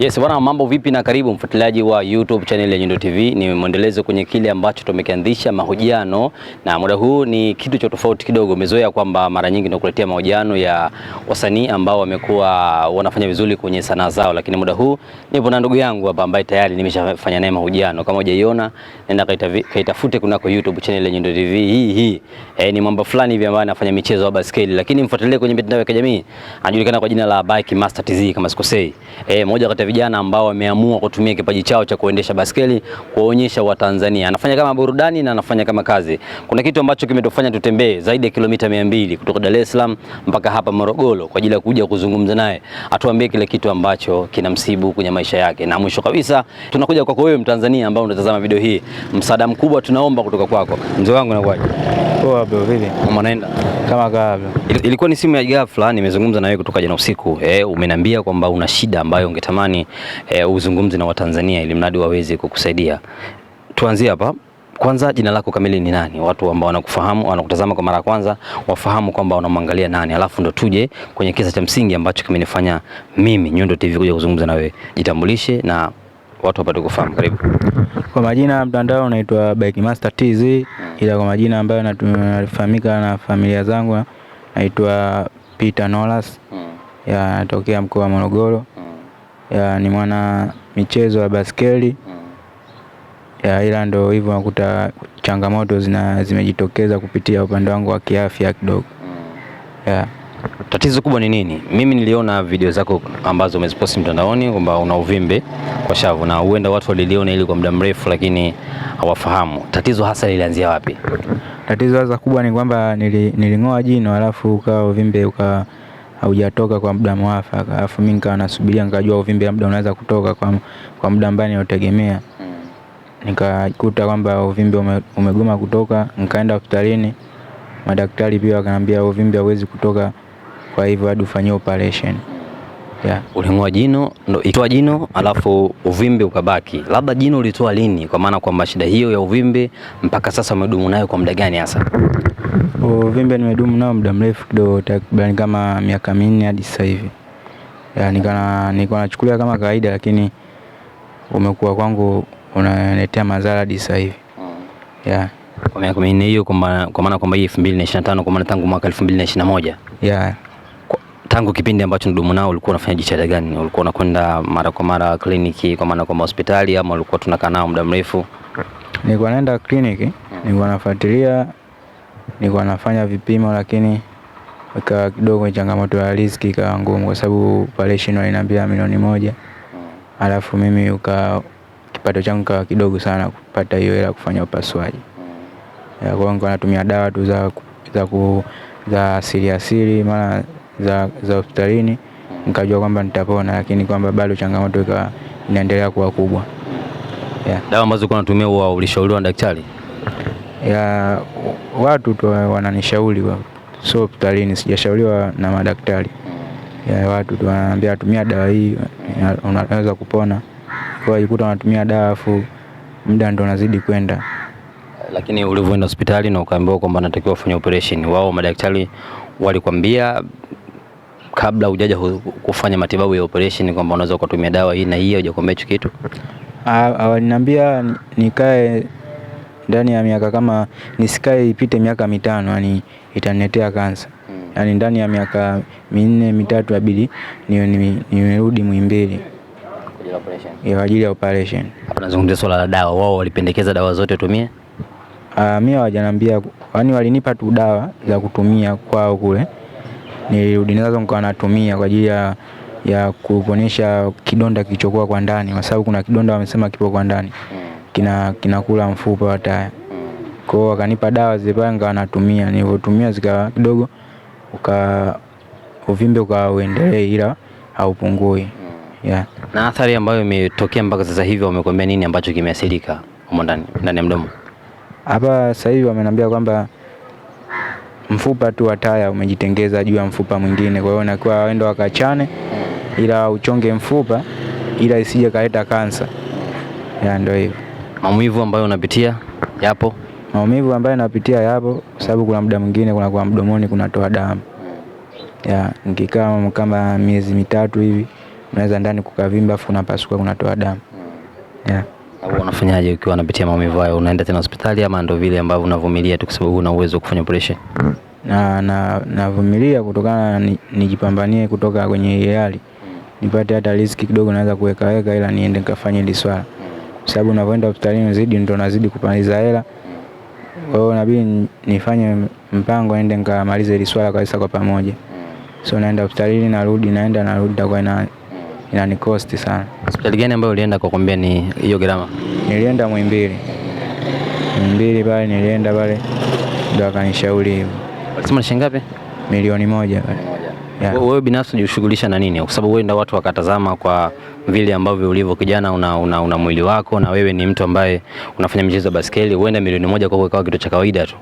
Yes, bwana mambo vipi na karibu mfuatiliaji wa YouTube channel ya Nyundo TV. Ni mwendelezo kwenye kile ambacho tumekianzisha mahojiano, na muda huu ni kitu cha tofauti kidogo. Umezoea kwamba mara nyingi tunakuletea mahojiano ya wasanii ambao wamekuwa wanafanya vizuri kwenye sanaa zao, lakini muda huu nipo na ndugu yangu hapa ambaye tayari nimeshafanya naye mahojiano. Kama hujaiona, nenda kaitafute kunako YouTube channel ya Nyundo TV hii hii. E, ni mambo fulani hivi ambayo anafanya michezo wa basketball, lakini mfuatilie kwenye mitandao ya kijamii, anajulikana kwa jina la Bike Master TZ kama sikosei. Eh, moja kati vijana ambao wameamua kutumia kipaji chao cha kuendesha baskeli kuwaonyesha Watanzania. Anafanya kama burudani na anafanya kama kazi. Kuna kitu ambacho kimetufanya tutembee zaidi ya kilomita mia mbili kutoka Dar es Salaam mpaka hapa Morogoro kwa ajili ya kuja kuzungumza naye, atuambie kile kitu ambacho kinamsibu kwenye maisha yake. Na mwisho kabisa tunakuja kwako wewe Mtanzania ambao unatazama video hii, msaada mkubwa tunaomba kutoka kwako mzee wangu, nakuaje? Poa bro, vipi mama? Naenda kama kawaida. Ilikuwa ni simu ya ghafla, nimezungumza na wewe kutoka jana usiku. Eh, umeniambia kwamba una shida ambayo ungetamani e, uzungumzi na Watanzania ili mradi waweze kukusaidia. Tuanzie hapa kwanza, jina lako kamili ni nani? Watu ambao wanakufahamu wanakutazama kwa mara ya kwanza wafahamu kwamba unamwangalia nani, alafu ndo tuje kwenye kisa cha msingi ambacho kimenifanya mimi Nyundo TV kuja kuzungumza na wewe. Jitambulishe na watu wapate kufahamu. Karibu. Kwa majina mtandao unaitwa Bike Master TZ, ila kwa majina ambayo nafahamika na familia zangu naitwa Peter Nolas, hmm. natokea mkoa wa Morogoro ya ni mwana michezo wa baskeli ya ila ndo hivyo nakuta changamoto zina zimejitokeza kupitia upande wangu wa kiafya kidogo. ya. Tatizo kubwa ni nini? Mimi niliona video zako ambazo umeziposti mtandaoni kwamba una uvimbe kwa shavu na huenda watu waliliona ili kwa muda mrefu, lakini hawafahamu tatizo hasa lilianzia wapi. Tatizo hasa kubwa ni kwamba niling'oa nili jino, alafu ukawa uvimbe ukawa haujatoka kwa muda mwafaka, alafu mimi nikawa nasubiria, nikajua uvimbe labda unaweza kutoka kwa, kwa muda ambaye nilitegemea nikakuta kwamba uvimbe umegoma kutoka, nikaenda hospitalini. Madaktari pia wakaniambia uvimbe hauwezi kutoka, kwa hivyo hadi ufanyie operation yeah. Uling'oa jino ndo itoa jino, alafu uvimbe ukabaki. Labda jino ulitoa lini? Kwa maana kwamba shida hiyo ya uvimbe mpaka sasa umedumu nayo kwa muda gani hasa? Uvimbe nimedumu nao muda mrefu kidogo, takribani kama miaka minne hadi sasa hivi. Nilikuwa nachukulia kama kawaida, lakini umekuwa kwangu unaletea madhara hadi sasa hivi yeah. Kwa miaka minne hiyo, kwa maana kwamba hii elfu mbili na ishirini na tano, kwa maana tangu mwaka elfu mbili na ishirini na moja yeah. Tangu kipindi ambacho nidumu nao, ulikuwa unafanya jitihada gani? Ulikuwa unakwenda mara kwa mara kliniki, kwa maana kwamba hospitali, ama ulikuwa tunakaa nao muda mrefu? Nilikuwa naenda kliniki, nilikuwa nafuatilia nilikuwa nafanya vipimo, lakini ikawa kidogo changamoto ya riziki ikawa ngumu, kwa sababu operation walinambia milioni moja alafu mimi uka kipato changu kawa kidogo sana kupata hiyo hela kufanya upasuaji. Kwa hiyo natumia dawa tu za za ku za asili asili mara za za hospitalini, nikajua kwamba nitapona, lakini kwamba bado changamoto ikawa inaendelea kuwa kubwa yeah. Dawa ambazo ulikuwa unatumia ulishauriwa na daktari? ya watu tu wananishauri, sio hospitalini, sijashauriwa na madaktari ya watu tu wanaambia tumia dawa hii unaweza kupona. Kwa hiyo unatumia dawa afu muda ndo unazidi kwenda. Lakini ulivyoenda hospitali na ukaambiwa kwamba natakiwa kufanya operation, wao madaktari walikwambia kabla hujaja kufanya matibabu ya operation kwamba unaweza ukatumia dawa hii na hii, hujakwambia hicho kitu? Waliniambia nikae ndani ya miaka kama nisikae ipite miaka mitano, yani itaniletea kansa. Hmm. Yani ndani ya miaka minne mitatu abidi nirudi Muhimbili kwa ajili ya operation. Hapo nazungumzia swala la dawa, wao walipendekeza dawa zote utumie? Ah, mimi hawajanambia yani walinipa tu dawa za kutumia kwao kule, nilirudi nazo nikawa natumia kwa ajili ya ya kuponesha kidonda kilichokuwa kwa ndani, kwa sababu kuna kidonda wamesema kipo kwa ndani. Hmm kinakula mfupa wa taya. Kwa hiyo wakanipa dawa zile pale nikawa natumia, nilivyotumia zikawa kidogo uka uvimbe ukawa uendelee ila haupungui. Mm. Yeah. Na athari ambayo imetokea mpaka sasa hivi wamekwambia nini ambacho kimeathirika humo ndani ndani ya mdomo? Hapa sasa hivi wameniambia kwamba mfupa tu wa taya umejitengeza juu ya mfupa mwingine, kwa hiyo nakuwa waende wakachane, mm. ila uchonge mfupa ila isije kaleta kansa. Yeah, ndio hivyo. Maumivu ambayo unapitia yapo? Maumivu ambayo napitia yapo, sababu kuna muda mwingine kwa mdomoni kunatoa damu ya nikikaa kama miezi mitatu hivi, unaweza ndani kukavimba, afu kunapasuka kunatoa damu ya au unafanyaje ukiwa unapitia maumivu hayo? Unaenda tena hospitali ama ndo vile ambavyo unavumilia tu, kwa sababu una uwezo wa kufanya operation? Na navumilia kutokana nijipambanie, kutoka kwenye hali nipate hata riziki kidogo, naweza kuwekaweka, ila niende nikafanye hili swala sababu unavyoenda hospitalini zidi ndo nazidi kupaniza hela. Kwa hiyo inabidi nifanye mpango ende nikamalize ile swala kabisa kwa pamoja. So naenda hospitalini narudi, naenda narudi, takwa ina inanikosti sana. Hospitali gani ambayo ulienda kwa kuambia ni hiyo gharama? Nilienda Muhimbili. Muhimbili pale nilienda pale ndo akanishauri hivyo. Alisema shilingi ngapi? Milioni moja pale yeah. Wewe binafsi unajishughulisha na nini? Kwa sababu ndio watu wakatazama kwa vile ambavyo ulivyo kijana, una, una, una mwili wako na wewe ni mtu ambaye unafanya michezo ya baskeli, huenda milioni moja kwa ikawa kitu cha kawaida tu.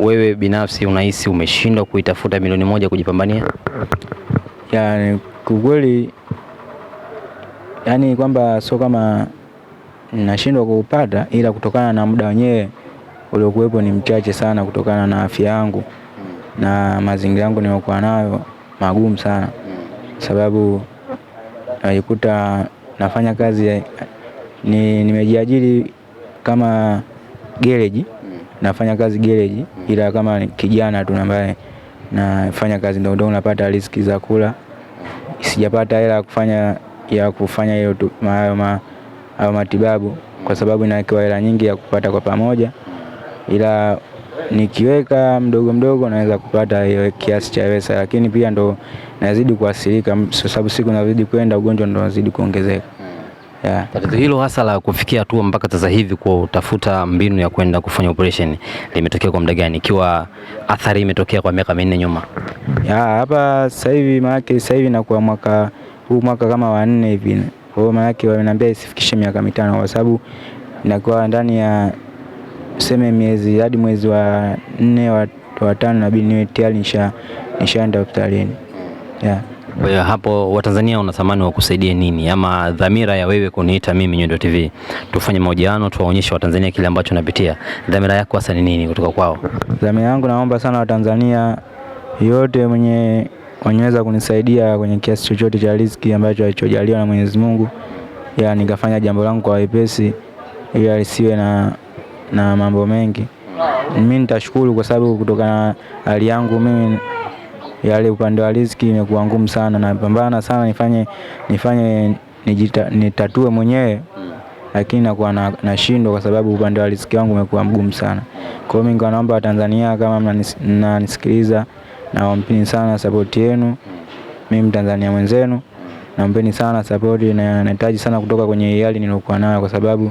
Wewe binafsi unahisi umeshindwa kuitafuta milioni moja kujipambania? Yaani kiukweli, yaani kwamba sio kama nashindwa kuupata, ila kutokana na muda wenyewe uliokuwepo ni mchache sana, kutokana na afya yangu na mazingira yangu niliyokuwa nayo magumu sana, sababu najikuta nafanya kazi ni, nimejiajiri kama gereji, nafanya kazi gereji, ila kama kijana tu ambaye nafanya kazi ndogo napata riziki za kula. Sijapata hela kufanya ya kufanya hiyo hayo matibabu, kwa sababu inawekewa hela nyingi ya kupata kwa pamoja ila nikiweka mdogo mdogo naweza kupata hiyo kiasi cha pesa, lakini pia ndo nazidi kuathirika, sababu siku nazidi kwenda ugonjwa ndo nazidi kuongezeka. Hmm. Yeah. Tatizo hilo hasa la kufikia hatua mpaka sasa hivi kutafuta mbinu ya kwenda kufanya operation limetokea kwa muda gani, ikiwa athari imetokea kwa miaka minne nyuma? Yeah, hapa sasa hivi maanake sasa hivi nakuwa mwaka huu mwaka kama wanne hivi, kwa hiyo maanake wamenambia isifikishe miaka mitano kwa sababu nakuwa ndani ya seme miezi hadi mwezi wa nne wa tano nabidi niwe tayari nishaenda nisha hospitalini yeah. Kwa hapo Watanzania unatamani wakusaidie nini, ama dhamira ya wewe kuniita mimi Nyundo TV tufanye mahojiano tuwaonyeshe Watanzania kile ambacho napitia, dhamira yako hasa ni nini kutoka kwao? Dhamira yangu naomba sana Watanzania yote mwenye wanyeweza kunisaidia kwenye kiasi chochote cha riziki ambacho alichojaliwa na Mwenyezi Mungu, ya nikafanya jambo langu kwa wepesi, ili asiwe na na mambo mengi. Mimi nitashukuru kwa sababu kutokana na hali yangu mimi yale upande wa riziki imekuwa ngumu sana, napambana sana nifanye nifanye nijita, nitatue mwenyewe lakini nakuwa na, nashindwa kwa sababu upande wa riziki wangu umekuwa mgumu sana. Kwa hiyo mimi naomba Watanzania kama mnanisikiliza, nawaombeni sana sapoti yenu, mimi Mtanzania mwenzenu, naombeni sana sapoti na nahitaji sana kutoka kwenye hali niliokuwa nayo, kwa sababu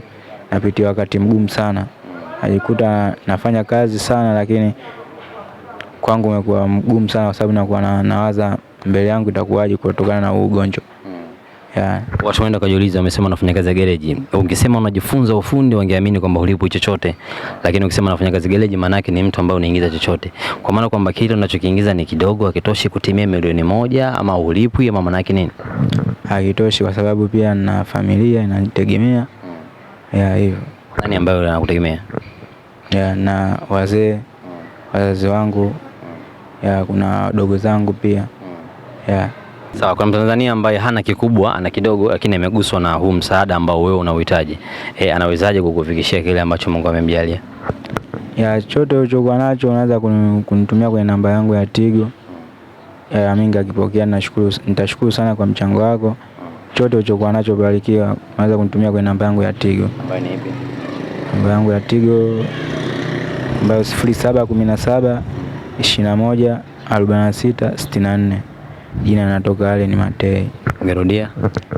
napitia wakati mgumu sana najikuta nafanya kazi sana lakini kwangu umekuwa mgumu sana kwa sababu nakuwa na, nawaza mbele yangu itakuwaje kutokana na huu ugonjwa. Hmm. Yeah. Watu wenda kujiuliza wamesema unafanya kazi ya gereji. Ungesema unajifunza ufundi wangeamini kwamba ulipo chochote. Lakini ukisema unafanya kazi gereji maana yake ni mtu ambaye unaingiza chochote. Kwa maana kwamba kile unachokiingiza ni kidogo hakitoshi kutimia milioni moja ama ulipwi ama maana yake nini? Hakitoshi kwa sababu pia na familia inanitegemea. Hmm. Yeah, hivyo. Nani ambaye anakutegemea? ya na wazee wazazi wangu ya kuna wadogo zangu pia ya. Sawa, kuna Mtanzania ambaye hana kikubwa ana kidogo, lakini ameguswa na huu msaada ambao wewe unauhitaji e, anawezaje kukufikishia kile ambacho Mungu amemjalia? Ya chote ulichokuwa nacho unaweza kunitumia kwenye namba yangu ya Tigo ya mingi. Akipokea nashukuru, nitashukuru sana kwa mchango wako. Chote ulichokuwa nacho barikiwa, unaweza kunitumia kwenye namba yangu ya Tigo. Namba yangu ya Tigo ambayo 0717 21 46 64. Jina natoka ni Matei. Ngerudia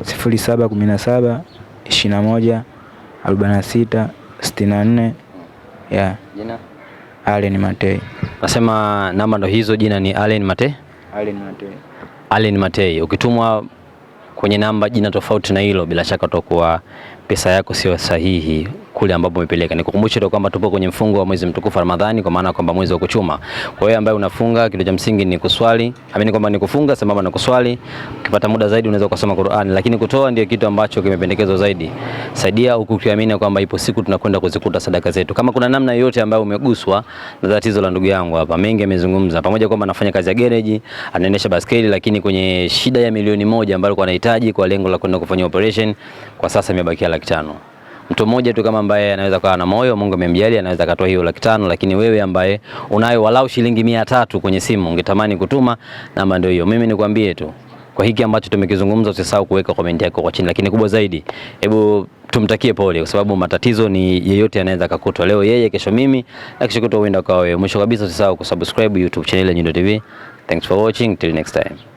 0717 21 46 64. Yeah. Jina Allen Matei. Nasema namba ndo hizo, jina ni Allen Matei. Allen Matei. Allen Matei. Ukitumwa kwenye namba jina tofauti na hilo, bila shaka utakuwa pesa yako sio sahihi kule ambapo umepeleka. Nikukumbushe tu kwamba tupo kwenye mfungo wa mwezi mtukufu Ramadhani, kwa maana kwamba mwezi wa kuchuma. Kwa hiyo ambaye unafunga, kitu cha msingi ni kuswali, amini kwamba ni kufunga sambamba na kuswali. Ukipata muda zaidi, unaweza kusoma Qur'ani, lakini kutoa ndio kitu ambacho kimependekezwa zaidi. Saidia huku ukiamini kwamba ipo siku tunakwenda kuzikuta sadaka zetu. Kama kuna namna yoyote ambayo umeguswa na tatizo la ndugu yangu hapa, mengi amezungumza, pamoja kwamba anafanya kazi ya garage, anaendesha baskeli, lakini kwenye shida ya milioni moja ambayo alikuwa anahitaji kwa lengo la kwenda kufanya operation, kwa sasa imebakia laki tano mtu mmoja tu kama ambaye anaweza kuwa na moyo, Mungu amemjalia, anaweza katoa hiyo laki tano. Lakini wewe ambaye unayo walau shilingi mia tatu kwenye simu ungetamani kutuma, namba ndio hiyo. Mimi nikwambie tu kwa hiki ambacho tumekizungumza, usisahau kuweka comment yako kwa chini, lakini kubwa zaidi, hebu tumtakie pole, kwa sababu matatizo ni yeyote anaweza kakutwa leo yeye, kesho mimi, na kesho kutwa huenda kwa wewe. Mwisho kabisa, usisahau kusubscribe YouTube channel ya Nyundo TV. Thanks for watching till next time.